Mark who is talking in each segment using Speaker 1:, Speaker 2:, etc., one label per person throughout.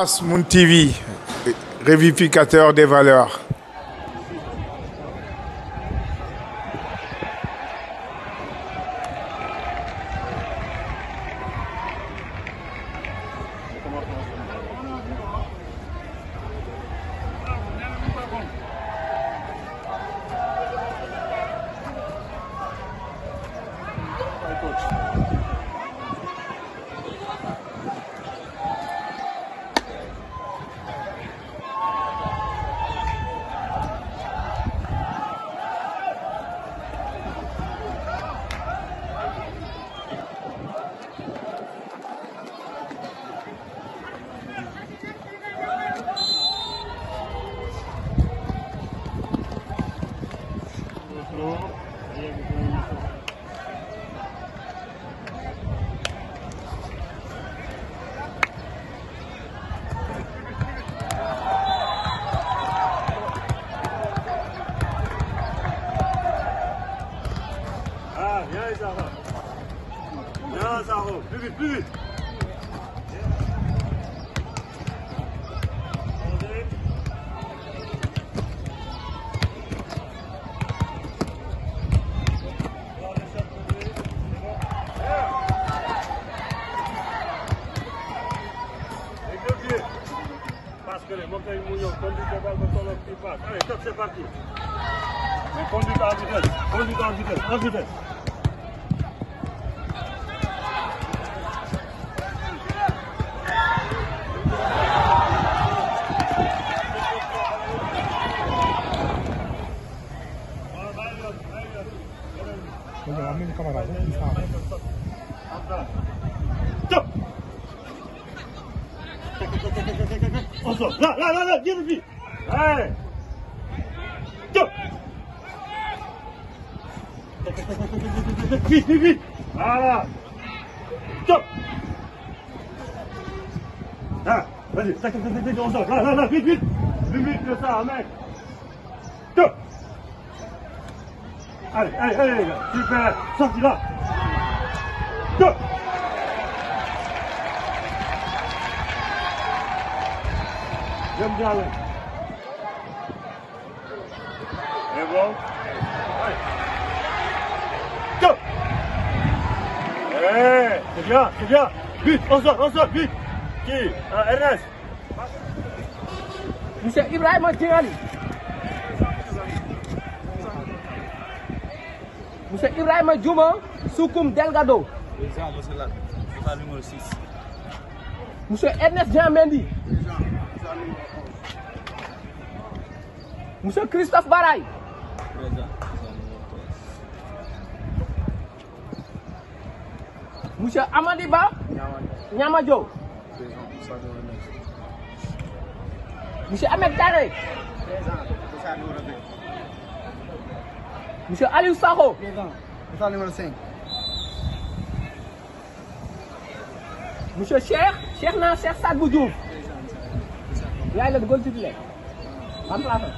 Speaker 1: Asmoon TV, révificateur des valeurs. top, Allez, Conduit e s Mais en vitesse, conduit en vitesse, en vitesse. Là, là, là, là, viens vite Allez. Vite, vite, vite. Voilà. Là, ah, vas-y. Tac, tac, tac, tac, on Là, là, là, vite, vite. Vite, vite ça, mec. Top Allez, allez, allez, Super. Sorti là. Vamos, Alan. É bom? Vai. Go! É, Sevian, Sevian. Vite, on sort, on sort, vite. Qui ah, Ernest. Monsieur é Ibrahim Tiali. Monsieur é Ibrahim Djouma, Soukoum Delgado. Exato, você lá. Você lá número 6. monsieur Ernest Jean Mendy monsieur Christophe Baraye monsieur Amady Ba Ñama monsieur Ahmed Tare monsieur Aliou Sakho monsieur Cheikh Cheikh naa Cheikh Sadbou Diouf yaay la dugal titulaire remplaçant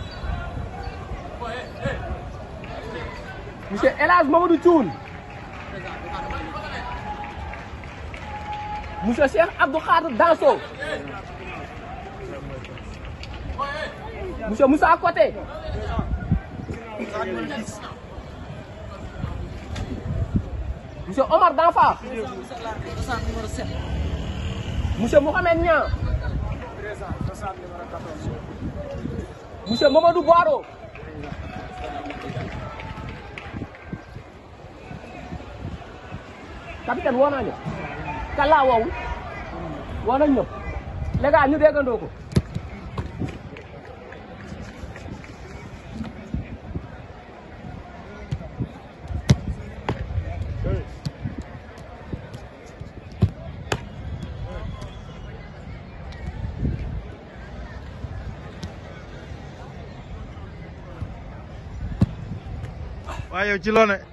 Speaker 1: monsieur El Hadj Mamadou Thioune monsieur Cheikh Abdou Khadre Danso monsieur Moussa Koté monsieur Omar Danfa monsieur Mohamed Niang monsieur Mamadou Boiro capitaine woo naa ñëpp kan laa woowul woo nañ ñëpp les gars ñu déggandoo ko ayo yow ci loone Mbour TV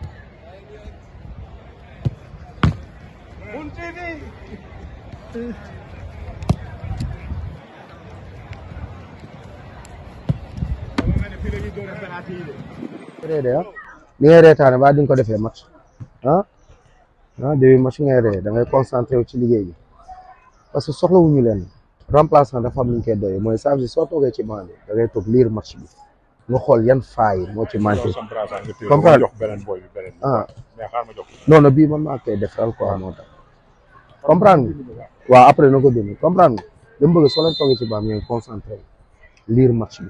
Speaker 1: reede li ngay reetaane ba duñ ko defee match ah ah début match ngay ree da ngay concentré wu ci liggéey bi parce que soxlawuñu leen remplacement dafa am lu ñu koy doyee mooy saa bi soo ci banc da ngay toog lire match bi ñu xol yan faay mo ci manqué. comprendre jox benen boy bi benen ah mais ma jox. non non bi ma maa koy defaral quoi moo comprendre nga après na ko comprendre nga bëgg soo leen ci bam ngeen concentré lire match bi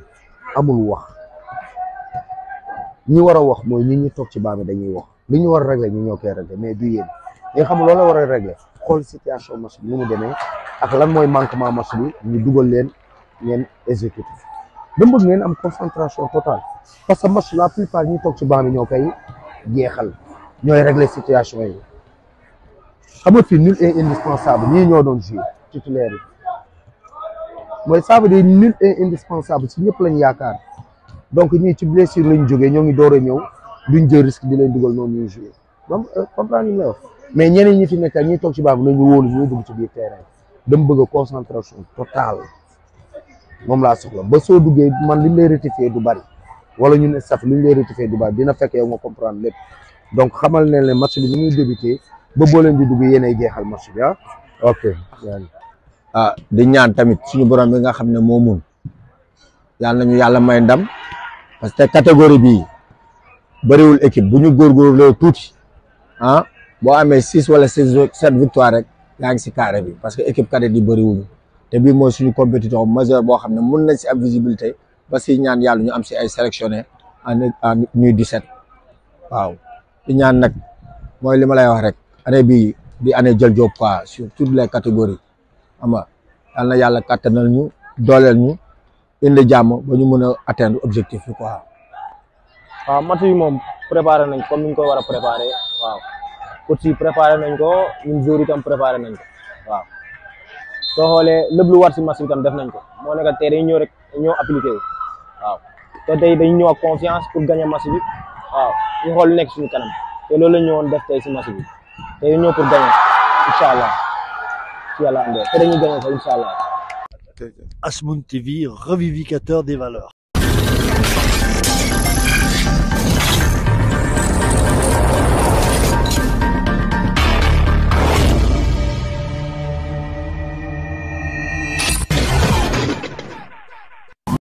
Speaker 1: amul wax ñi wara wax moy ñi ñi tok ci bam bi dañuy wax li ñu wara régler ñu ñoo régler mais du yeen ñi xam loolu wara régler xol situation match bi ni mu demee ak lan moy manquement match bi ñu duggal leen ñen exécutif. dama bëgg ngeen am concentration totale parce que match la plupart ñi toog ci banc bi ñoo koy jeexal ñooy régler situation yi xam nga fii nul est indispensable ñii ñoo doon joué titulaire yi mooy ça veut dire nul est indispensable si ñëpp lañ yaakaar donc ñii ci blessure lañ jógee ñoo ngi door ñëw duñ jël risque di leen dugal noonu ñuy joué donc euh, comprendre nga wax ñeneen ñi fi nekk ñi toog ci banc bi nañu wóolu ñuy dugg ci biir terrain dama bëgg concentration totale moom laa soxla ba soo duggee man li ñu lay rectifier du bari wala ñu ne saf li ñu lay rectifier du bari dina fekk yow nga comprendre lépp donc xamal ne ne match bi ni muy débuté ba boo leen di dugg yéenay jeexal match bi ah ok. ah di ñaan tamit suñu borom bi nga xam ne moo mun yàlla nañu yàlla may ndam parce que catégorie bii bëriwul équipe bu ñu góorgóorloo tuuti ah boo amee six wala six sept victoire rek yaa ngi si carré bi parce que équipe cadette yi bëriwuñu. te bii mooy suñu compétition majeur boo xam ne mun nañ si am visibilité ba si ñaan yàlla ñu am si ay sélectionné en en di set waaw di ñaan nag mooy li ma lay wax rek année bii di année jël job quoi sur toutes les catégories xam nga yal na yàlla kattanal ñu dooleel ñu indi jàmm ba ñu mën a atteindre objectif bi quoi. waaw match yi moom préparé nañ comme ni ko war a préparé waaw coach yi préparé nañ préparé nañ ko waaw. soo xoolee lépp lu war si match bi def nañ ko moo nekk tey dañu ñëw rek ñëw appliqué waaw te tey dañu ñëw ak confiance pour gagner match bi waaw ñu xool lu nekk suñu kanam te loolu la ñu def tey si match bi te dañu ñëw pour gagner incha allah ci yàlla andee te dañuy gagner sax incha allah. TV revivificateur des valeurs.